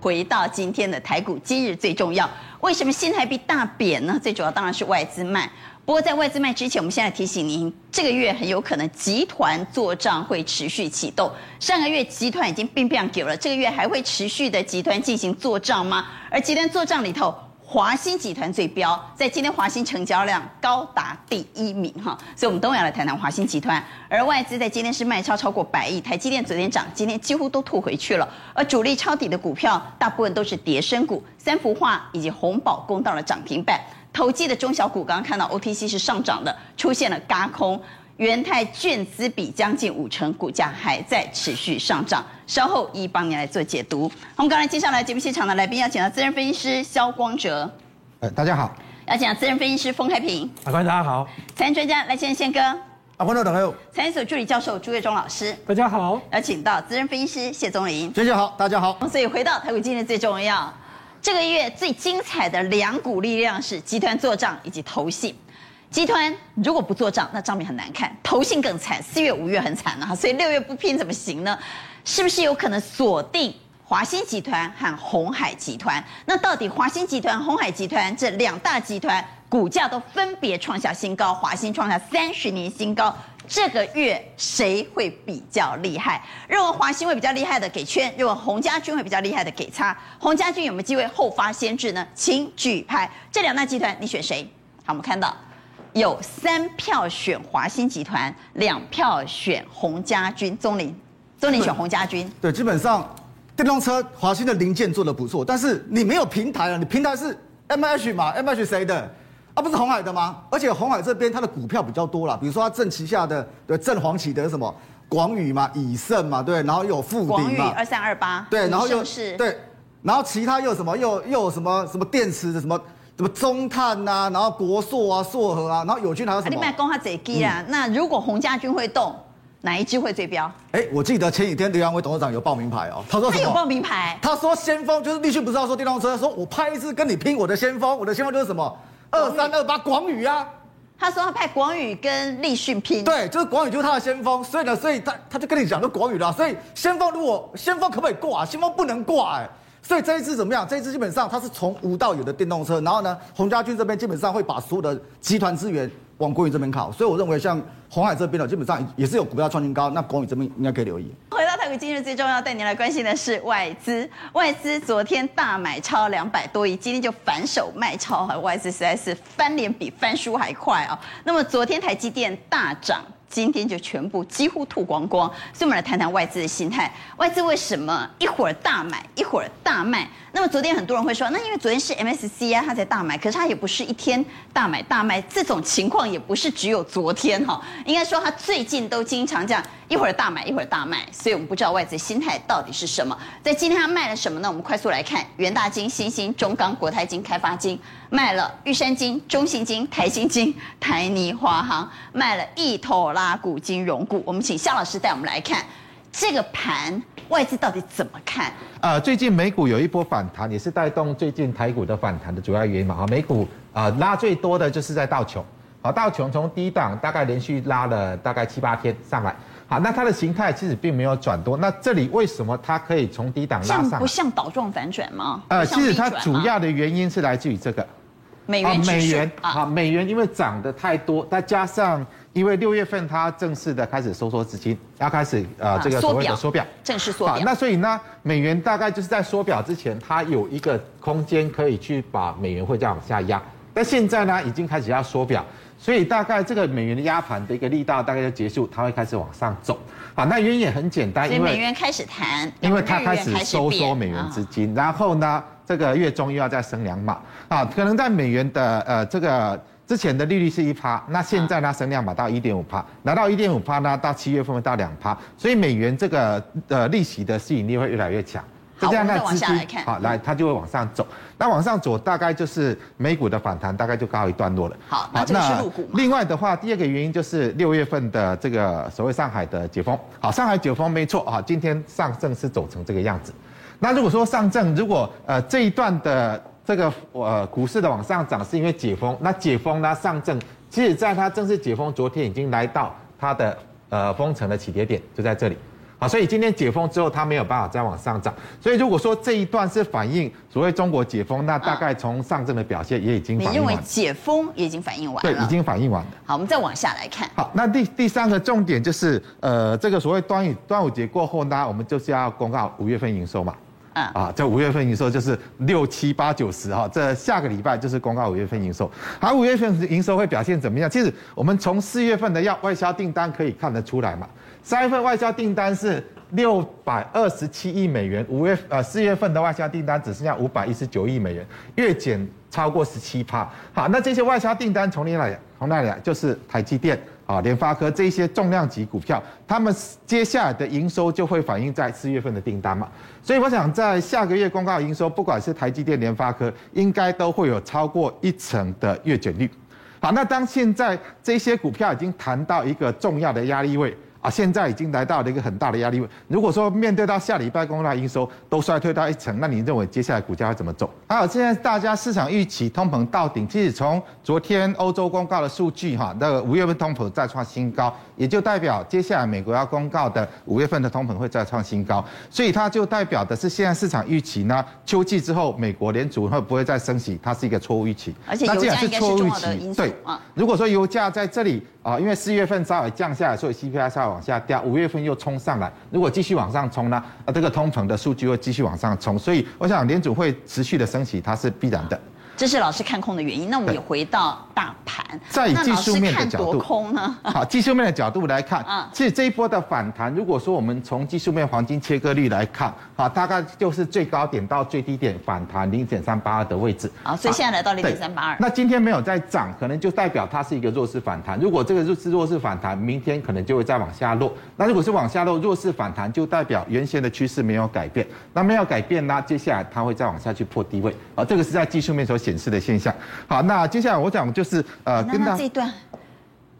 回到今天的台股，今日最重要。為什麼新台幣大貶呢？最主要當然是外資賣。不過在外資賣之前，我們現在提醒您，這個月很有可能集團做賬會持續啟動。上個月集團已經併表久了，這個月還會持續的集團進行做賬嗎？而集團做賬裡頭。華新集團最飆，在今天華新成交量高達第一名哈，所以我們都要來談談華新集團。而外資在今天是賣超超過百億，台積電昨天漲，今天幾乎都吐回去了。而主力抄底的股票，大部分都是跌深股，三福化以及紅寶攻到了漲停板。投機的中小股剛剛看到 OTC 是上漲的，出現了嘎空。元泰券資比將近五成，股價還在持續上漲。稍後一幫你來做解讀。我們剛才接下來節目現場的來賓要請到資深分析師蕭光哲，呃，大家好；要請到資深分析師封開平，法官大家好；財經專家賴先生憲哥，啊，觀眾朋友；財經史助理教授朱岳中老師，大家好；要請到資深分析師謝宗林，大家好，大家好。所以回到台股今天最重要，這個月最精彩的兩股力量是集團作帳以及投信。集團如果不做賬那賬面很難看，投信更慘。四月、五月很慘了，啊、哈，所以六月不拼怎麼行呢？是不是有可能鎖定華新集團和鴻海集團？那到底華新集團、鴻海集團這兩大集團股價都分別創下新高，華新創下三十年新高，這個月誰會比較厲害？認為華新會比較厲害的給圈，認為鴻家軍會比較厲害的給叉。鴻家軍有沒有機會後發先至呢？請舉牌。這兩大集團你選誰？好，我們看到。有三票選華新集團，兩票選洪家軍。鍾林，鍾林選洪家軍對。對，基本上電動車華新的零件做的不錯，但是你沒有平台了、啊。你平台是 MH 嘛 MH 誰的？啊，不是鴻海的嗎？而且鴻海這邊它的股票比較多了，比如說它正旗下的，對，正黃旗的什麼廣宇嘛，以盛嘛，對，然後有富鼎嘛。廣宇二三二八。對，然後又是對，然後其他又有什麼又又有什麼，又有什麼，什麼電池的什麼。什麼中碳啊，然後國碩啊，碩禾啊，然後友軍還有什麼？啊、你賣光他這雞啊、嗯。那如果鴻家軍會動，哪一支會最標？哎，我記得前幾天劉揚偉董事長有報明牌哦，他說他有報明牌。他說先鋒就是立訊，不知道說電動車，說我派一支跟你拼，我的先鋒，我的先鋒就是什麼？二三二八廣宇啊。他說他派廣宇跟立訊拼，對，就是廣宇就是他的先鋒，所以呢，所以他他就跟你講個廣宇啦，所以先鋒如果先鋒可不可以掛、啊？先鋒不能掛哎、欸。所以這一次怎麼樣？這一次基本上它是從無到有的電動車，然後呢，鴻家軍這邊基本上會把所有的集團資源往國宇這邊靠，所以我認為像鴻海這邊的基本上也是有股票創新高，那國宇這邊應該可以留意。回到台股，今日最重要帶您來關心的是外資，外資昨天大買超兩百多億，今天就反手賣超，外資實在是翻臉比翻書還快啊、哦。那麼昨天台積電大漲。今天就全部幾乎吐光光，所以我們來談談外資的心態。外資為什麼一會兒大買，一會兒大賣？那麼昨天很多人會說，那因為昨天是 MSCI 啊，它才大買，可是它也不是一天大買大賣，這種情況也不是只有昨天哈，應該說它最近都經常這樣。一會兒大買，一會兒大賣，所以我們不知道外資心態到底是什麼。在今天他賣了什麼呢？我們快速來看：元大金、新興、中鋼、國泰金、開發金賣了；玉山金、中信金、台新金、台泥、華航賣了；一頭拉古金融股。我們請夏老師帶我們來看這個盤，外資到底怎麼看？呃，最近美股有一波反彈，也是帶動最近台股的反彈的主要原因嘛？哈，美股呃拉最多的就是在道瓊，好，道瓊從低檔大概連續拉了大概七八天上來。好，那它的形態其實並沒有轉多。那這裡為什麼它可以從低檔拉上不？不像島狀反轉嗎？呃，其實它主要的原因是來自於這個美元、啊、美元，美、啊、元啊，美元因為漲得太多，再加上因為六月份它正式的開始收縮資金，要開始呃這個所謂的縮表、啊、表，正式縮表、啊。那所以呢，美元大概就是在縮表之前，它有一個空間可以去把美元匯率往下壓。但現在呢，已經開始要縮表。所以大概這個美元的壓盤的一個力道大概就結束，它會開始往上走。好、啊，那原因也很簡單，所以美元開始彈，因為它開始收縮美元資金，然後呢，這個月中又要再升兩碼啊，可能在美元的呃這個之前的利率是一趴，那現在呢升兩碼到一點五趴，拿到一點五趴呢，到七月份會到兩趴，所以美元這個呃利息的吸引力會越來越強。這樣，再往下來看。好來，它就會往上走。那往上走，大概就是美股的反彈，大概就告一段落了。好，那入股那另外的話，第二個原因就是六月份的這個所謂上海的解封。好，上海解封沒錯啊。今天上證是走成這個樣子。那如果說上證如果呃這一段的這個呃股市的往上漲，是因為解封，那解封呢，那上證其實在它正式解封，昨天已經來到它的呃封城的起跌點，點，就在這裡。好、啊，所以今天解封之後，它沒有辦法再往上漲。所以如果說這一段是反映所謂中國解封，那大概從上證的表現也已經反映完了、啊。你認為解封也已經反映完？了，對，已經反映完了。好，我們再往下來看。好，那第第三個重點就是，呃，這個所謂端，端午端午節過後呢，我們就是要公告五月份營收嘛。嗯、啊。啊，這五月份營收就是六七八九十哈，這下個禮拜就是公告五月份營收。好，五月份營收會表現怎麼樣？其實我們從四月份的要外銷訂單可以看得出來嘛。三月份外銷訂單是六百二十七億美元，五月呃四月份的外銷訂單只剩下五百一十九億美元，月減超過十七%。好，那這些外銷訂單從那裡從那裡就是台積電、啊聯發科這些重量級股票，他們接下來的營收就會反映在四月份的訂單嘛。所以我想，在下個月公告營收，不管是台積電、聯發科，應該都會有超過一成的月減率。好，那當現在這些股票已經彈到一個重要的壓力位。現在已經來到了一個很大的壓力位。如果說面對到下禮拜公告營收都衰退到一成，那你認為接下來股價會怎麼走？還有現在大家市場預期通膨到頂，其實從昨天歐洲公告的數據哈，那個五月份通膨再創新高，也就代表接下來美國要公告的五月份的通膨會再創新高，所以它就代表的是現在市場預期呢，秋季之後美國聯準會不會再升息，它是一個錯誤預期。而且油價應該是重要的因素，那既然是錯誤預期，對、啊，如果說油價在這裡啊，因為四月份稍微降下來，所以 CPI 稍微。往下掉，五月份又衝上來。如果繼續往上衝呢？啊，這個通膨的數據會繼續往上衝，所以我想聯儲會持續的升息，它是必然的。這是老師看空的原因。那我們也回到大盤。那，技術面的角度那老師看多空呢？ 技術面的角度來看，這、啊、這一波的反彈，如果說我們從技術面黃金切割率來看，大概就是最高點到最低點反彈零點三八二的位置好。好，所以現在來到零點三八二。那今天沒有再漲，可能就代表它是一個弱勢反彈。如果這個弱勢反彈，明天可能就會再往下落。那如果是往下落，弱勢反彈就代表原先的趨勢沒有改變。那沒有改變呢？接下來它會再往下去破低位。好，這個是在技術面的時候。顯示的現象，好，那接下來我講就是呃，跟到這一段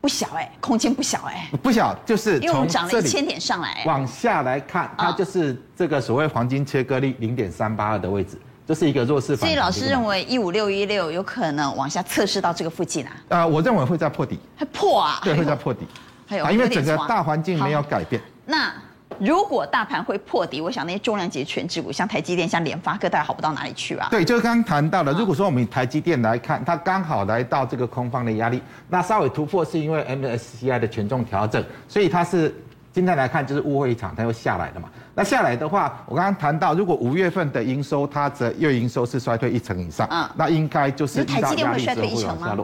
不小哎、欸，空間不小哎、欸，不小就是這因為我們漲了一千點上來、欸，往下來看它，就是這個所謂黃金切割率零點三八二的位置，這、就是一個弱勢反彈，所以老師認為一五六一六有可能往下測試到這個附近啊？呃，我認為會再破底，還破啊，對，會再破底，還有，還有因為整個大環境沒有改變。那如果大盤會破底，我想那些重量級的權值股，像台積電、像聯發科，各大概好不到哪裡去吧？對，就是剛談到的、啊。如果說我們以台積電來看，它剛好來到這個空方的壓力，那稍微突破是因為 MSCI 的權重調整，所以它是今天來看就是誤會一場，它又下來了嘛。那下來的話，我剛剛談到，如果五月份的營收，它的月營收是衰退一成以上，啊、那應該就是壓壓、啊、台積電會衰退一成嗎？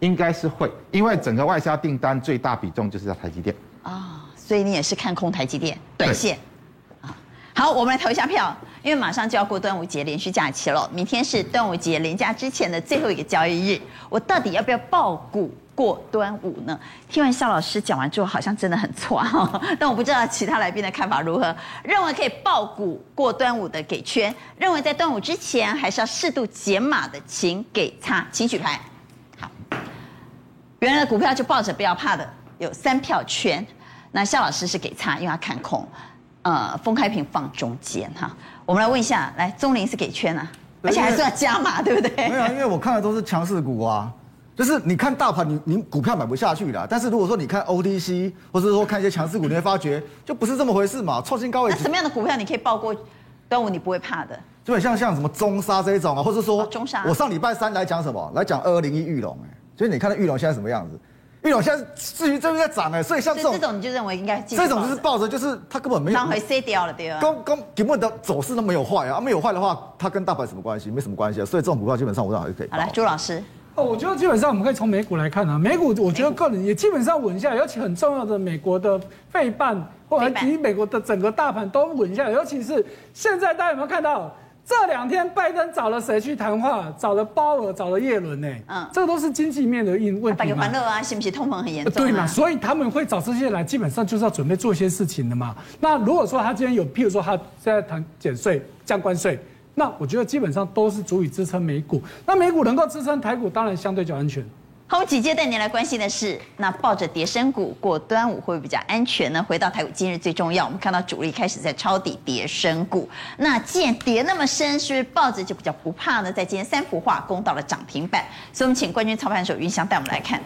應該是會，因為整個外銷訂單最大比重就是在台積電啊。所以你也是看空台積電短線。對，好，我們來投一下票，因為馬上就要過端午節，連續假期了，明天是端午節連假之前的最後一個交易日，我到底要不要抱股過端午呢？聽完肖老師講完之後，好像真的很錯啊、哦，但我不知道其他來賓的看法如何，認為可以抱股過端午的給圈，認為在端午之前還是要適度減碼的請，請給叉，請舉牌。好，原來的股票就抱着不要怕的，有三票圈那夏老師是給叉，因為他看空。呃，封開屏放中間哈，我們來問一下，嗯、來鍾林是給圈啊，而且還是要加碼，對不對？沒有、啊，因為我看的都是強勢股啊，就是你看大盤，你你股票買不下去的。但是如果說你看 OTC 或者說看一些強勢股，你會發覺就不是這麼回事嘛，創新高位。那什麼樣的股票你可以爆過端午？你不會怕的。就很像像什麼中砂這一種啊，或者說、哦、中砂、啊。我上禮拜三來講什麼？來講二二零一裕隆哎、欸，所以你看到裕隆現在什麼樣子？因為好像至於這邊在漲哎，所以像這種這種你就認為應該這種就是抱着，就是它根本沒有當回跌掉了對吧？剛剛底部的走勢都沒有壞啊，沒有壞的話，它跟大盤什麼關係？沒什麼關係啊，所以這種股票基本上我認為還是可以。好，來朱老師，哦，我覺得基本上我們可以從美股來看啊，美股我覺得個人也基本上穩下來，尤其很重要的美國的費半，或者以美國的整個大盤都穩下來，尤其是現在大家有沒有看到？這兩天拜登找了誰去談話？找了鮑爾，找了耶倫耶，呢，嗯，這都是經濟面的應對。百、啊、憂煩樂啊，是不是通膨很嚴重、啊？對嘛，所以他們會找這些來，基本上就是要準備做一些事情的嘛。那如果說他今天有，譬如說他現在談減稅、降關稅，那我覺得基本上都是足以支撐美股。那美股能夠支撐台股，當然相對較安全。好，我們緊接帶您來關心的是，那抱着跌深股過端午會不會比較安全呢？回到台股，今日最重要，我們看到主力開始在抄底跌深股。那既然跌那麼深，是不是抱着就比較不怕呢？在今天三福化攻到了漲停板，所以我們請冠軍操盤手雲翔帶我們來看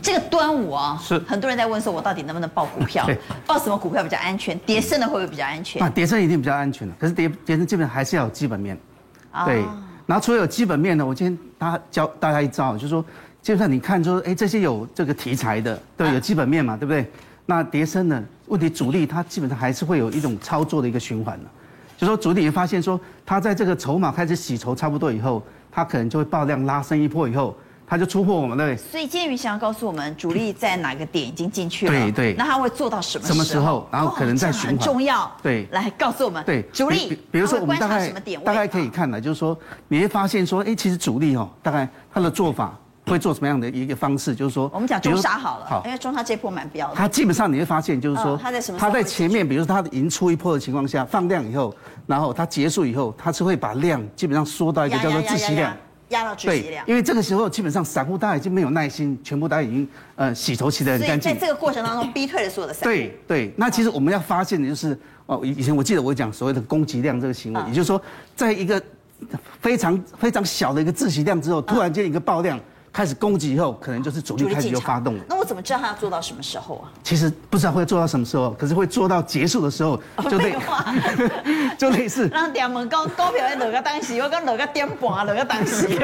這個端午啊、哦，是很多人在問說，我到底能不能抱股票？抱、哎、什麼股票比較安全？跌深的會不會比較安全？啊，跌深一定比較安全的，可是跌、跌深基本這邊還是要有基本面、哦。對，然後除了有基本面呢，我今天教大家一招，就是說。就基本上你看說，哎，這些有這個題材的，對，嗯、有基本面嘛，對不對？那跌深呢？問題主力它基本上還是會有一種操作的一個循環的。就是、說主力也發現說，它在這個籌碼開始洗籌差不多以後，它可能就會爆量拉升一波以後，它就出貨，對不對？所以鑑於想要告訴我們，主力在哪個點已經進去了？對對。那它會做到什麼時候？什麼時候？然後可能在循環。哦、很重要。對。來告訴我們。對。主力。它觀察什麼點？比如說我們大概大概可以看呢、啊，就是說你會發現說，哎，其實主力哦，大概它的做法。會做什麼樣的一個方式？就是說，我們講中砂好了好，因為中砂波破滿的。它基本上你會發現，就是說、哦，它在什麼？它在前面，比如說它的迎出一波的情況下放量以後，然後它結束以後，它是會把量基本上縮到一個叫做窒息量，壓，壓，壓，壓，壓，壓到窒息量。因為這個時候基本上散戶大家已經沒有耐心，全部大家已經呃洗頭洗得很乾淨。在這個過程當中逼退了所有的散戶。對對，那其實我們要發現的就是，哦，以前我記得我講所謂的攻擊量這個行為，嗯、也就是說，在一個非常非常小的一個窒息量之後，突然間一個爆量。開始攻擊以後，可能就是主力開始就發動了。那我怎麼知道它要做到什麼時候啊？其實不知道會做到什麼時候，可是會做到結束的時候。哦、就廢話， 就類似。人常問高高票會落個東西，我講落個點盤，落個東西。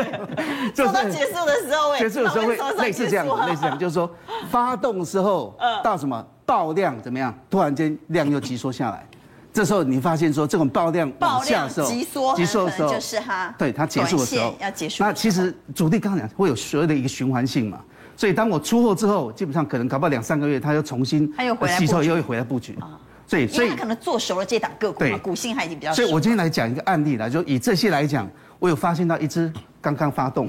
做 到結束的時候，會、欸就是、結束的時候會類似這樣子，類似這樣， 就是說，發動的時候、呃、到什麼爆量怎麼樣？突然間量又急縮下來。 這時候你發現說，這種爆量爆量、急縮急縮的時候，就是它對它結束的時候要結束。那其實主力剛剛講，會有所有的一個循環性嘛，所以當我出貨之後，基本上可能搞不好兩三個月，它又重新它又回來吸收，又會回來布局啊。所以、啊、所以它可能做熟了這檔個股嘛，股性已經比較熟。所以我今天來講一個案例啦，就以這些來講，我有發現到一隻剛剛發動，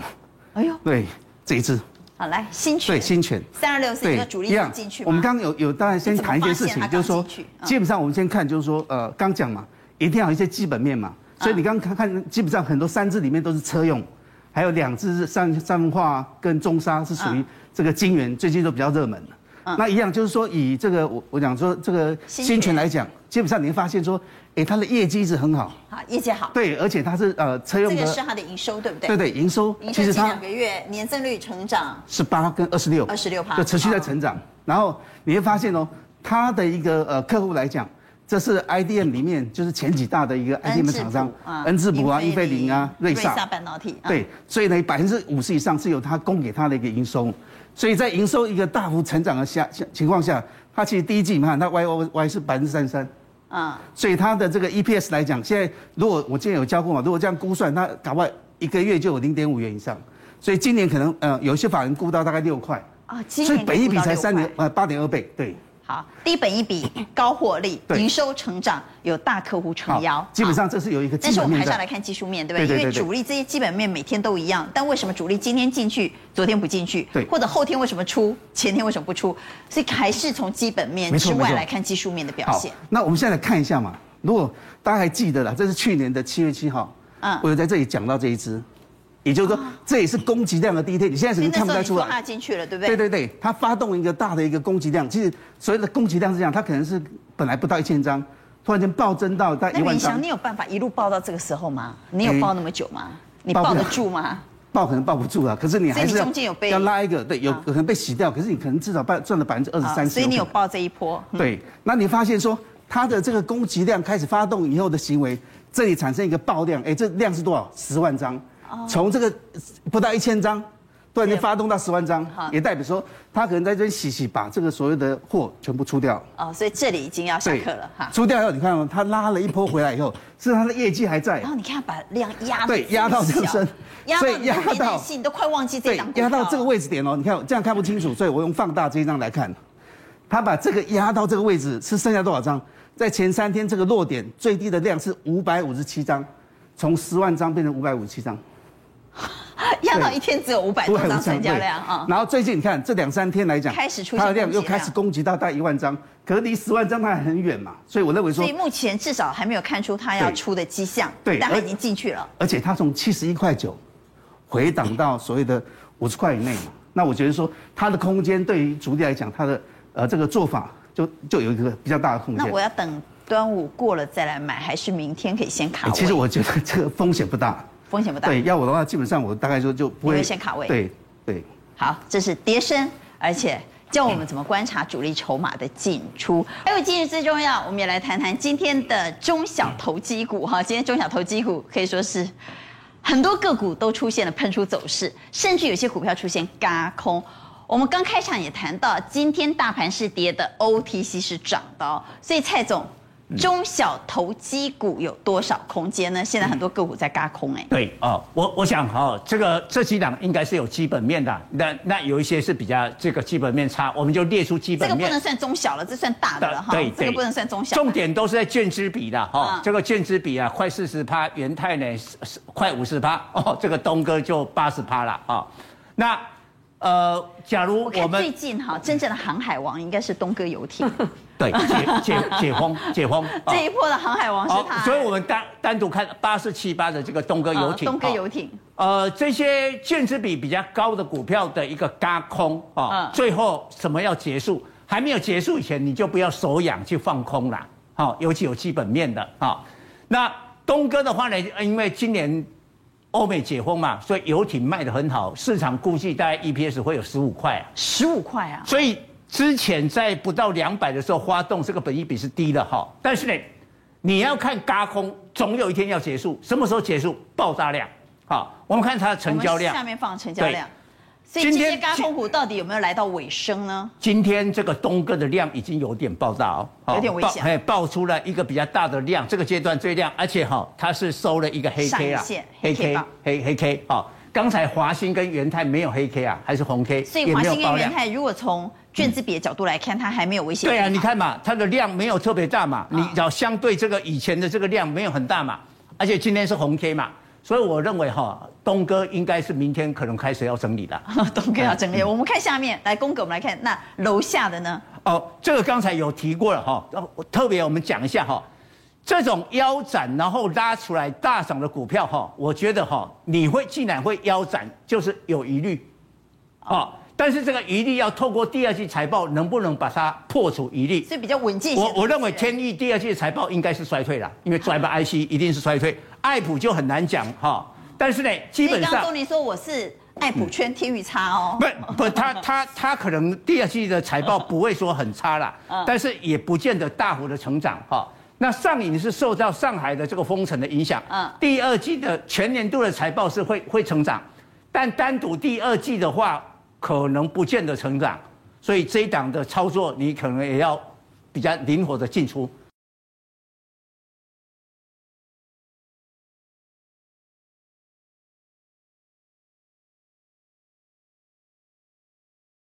哎呦，對這一隻。好，來新泉，對新泉三二六是一個主力進去。我們剛剛有有大概先談一件事情、嗯，就是說基本上我們先看，就是說呃剛講嘛，一定要有一些基本面嘛，所以你剛剛看看基本上很多三支裡面都是車用，嗯、還有兩支是三三文化跟中砂是屬於這個晶圓、嗯、最近都比較熱門。啊、那一樣就是說，以這個我我講說，這個新泉來講，基本上你會發現說，誒、欸，他的業績一直很好，好業績好，對，而且他是呃，車用的這個是他的營收對不對？對對，營收，收，其實它兩個月年增率成長是十八跟二十六，二十六趴，就持續在成長、哦。然後你會發現哦，他的一個呃客戶來講。這是 IDM 裡面就是前幾大的一個 IDM 廠、嗯嗯、商，恩智浦啊，英飛凌啊，瑞薩半導體。對，所以呢，百分之五十以上是由它供給它的一個營收、嗯。所以在營收一個大幅成長的下，下情況下，它其實第一季你看它 YOY 是百分之三三，啊，所以它的這個 EPS 來講，現在如果我今天有教過嘛，如果這樣估算，它搞不好一個月就有零點五元以上。所以今年可能呃，有一些法人估到大概六塊，啊，所以本益比才三點呃八點二倍，對。好，低本益比，高獲利，營收成長有大客戶撐腰。基本上這是有一個基本。但是我們還是要來看技術面，對不對,對,對,對,對,對？因為主力這些基本面每天都一樣，但為什麼主力今天進去，昨天不進去？對。或者後天為什麼出？前天為什麼不出？所以還是從基本面之外來看技術面的表現。好，那我們現在來看一下嘛。如果大家還記得啦，這是去年的七月七號，嗯，我有在這裡講到這一支。也就是說，這也是攻擊量的第一天。你現在根本看不太出來。那進去了，對不對？對對對，對，它發動一個大的一個攻擊量。其實所謂的攻擊量是這樣，它可能是本來不到一千張，突然間暴增到一萬張，但、哎、那你想，你有辦法一路抱到這個時候嗎？你有抱那麼久嗎？你抱得住嗎？抱可能抱不住啊。可是你還是要拉一個，對，有可能被洗掉。可是你可能至少賺了百分之二十三十，所以你有抱這一波。對，那你發現說它的這個攻擊量開始發動以後的行為，這裡產生一個爆量。誒、哎，這量是多少？十萬張。從這個不到一千張，突然間發動到十萬張，也代表說他可能在這邊洗洗，把這個所有的貨全部出掉。哦，所以這裡已經要下課了哈。出掉以後，你看他拉了一波回來以後， 是他的業績還在。然後你看，把量壓對壓到自身，壓到壓到你你都快忘記這張。啊、對，壓到這個位置點哦，你看這樣看不清楚，所以我用放大這一張來看，他把這個壓到這個位置是剩下多少張？在前三天這個落點最低的量是五百五十七張，從十萬張變成五百五十七張。壓 到一天只有五百多張成交量啊！然後最近你看這兩三天來講，開始出現，它的量又開始攻擊到大概一萬張，可是離十萬張它還很遠嘛，所以我認為說，所以目前至少還沒有看出它要出的跡象，對，對但它已經進去了。而且它從七十一塊九回檔到所謂的五十塊以內嘛， 那我覺得說它的空間對於主力來講，它的呃這個做法就就有一個比較大的空間。那我要等端午過了再來買，還是明天可以先卡位，欸？其實我覺得這個風險不大。風險不大。對，要我的話，基本上我大概說就不會。先卡位。對對。好，這是跌深，而且教我們怎麼觀察主力籌碼的進出。還、嗯、有今日最重要，我們也來談談今天的中小投機股哈。今天中小投機股可以說是很多個股都出現了噴出走勢，甚至有些股票出現嘎空。我們剛開場也談到，今天大盤是跌的，OTC 是漲的、哦，所以蔡總。中小投機股有多少空間呢？現在很多個股在軋空，哎。對啊、哦，我我想哈、哦，這個這幾檔應該是有基本面的，那那有一些是比較這個基本面差，我們就列出基本面。這個不能算中小了，這算大的了哈。對，對這個不能算中小了。重點都是在券資比的，哈、哦，啊、這個券資比啊，快四十趴，元泰呢是是快五十趴，哦，這個東哥就八十趴了啊、哦，那。呃，假如我們我最近哈，真正的航海王應該是東哥遊艇，對，解解解封解封、哦，這一波的航海王是他，哦、所以，我們單單獨看八四七八的這個東哥遊艇、哦，東哥遊艇、哦，呃，這些券資比比較高的股票的一個軋空啊、哦哦，最後什麼要結束，還沒有結束以前，你就不要手癢去放空了，好、哦，尤其有基本面的啊、哦，那東哥的話呢，因為今年。歐美解封嘛，所以遊艇賣的很好，市場估計大概 EPS 會有十五塊啊，十五塊啊，所以之前在不到兩百的時候發動，這個本益比是低的哈，但是呢，你要看軋空，總有一天要結束，什麼時候結束？爆炸量，好，我們看它的成交量，下面放成交量。所以這些軋空股到底有沒有來到尾聲呢？今天這個東哥的量已經有點爆炸哦，哦，有點危險。哎，爆出了一個比較大的量，這個階段最亮而且哈、哦，它是收了一個黑 K 啊，黑 K，黑黑 K、哦。好，剛才華新跟元太沒有黑 K 啊，還是紅 K，所以華新跟元太如果從券資比的角度來看，它，嗯、還沒有危險。對啊，你看嘛，它的量沒有特別大嘛，啊、你找相對這個以前的這個量沒有很大嘛，而且今天是紅 K 嘛。所以我認為哈、哦，東哥應該是明天可能開始要整理的、哦、東哥要整理、嗯，我們看下面來，公哥，我們來看那樓下的呢？哦，這個剛才有提過了哈、哦，特別我們講一下哈、哦，這種腰斬然後拉出來大漲的股票哈、哦，我覺得哈、哦，你會既然會腰斬，就是有疑慮，啊、哦。哦但是這個疑慮要透過第二季財報，能不能把它破除疑慮，所以比較穩健。我我認為天意第二季的財報應該是衰退了，因為 driver IC 一定是衰退。 艾普就很難講哈、哦。但是呢，基本上，剛剛鍾說，說我是愛普圈天意差哦。嗯、不不，他他他，他可能第二季的財報不會說很差了， 但是也不見得大幅的成長哈、哦。那上影是受到上海的這個封城的影響，嗯，第二季的全年度的財報是會會成長，但單獨第二季的話。可能不見得成長，所以這一檔的操作，你可能也要比較靈活的進出。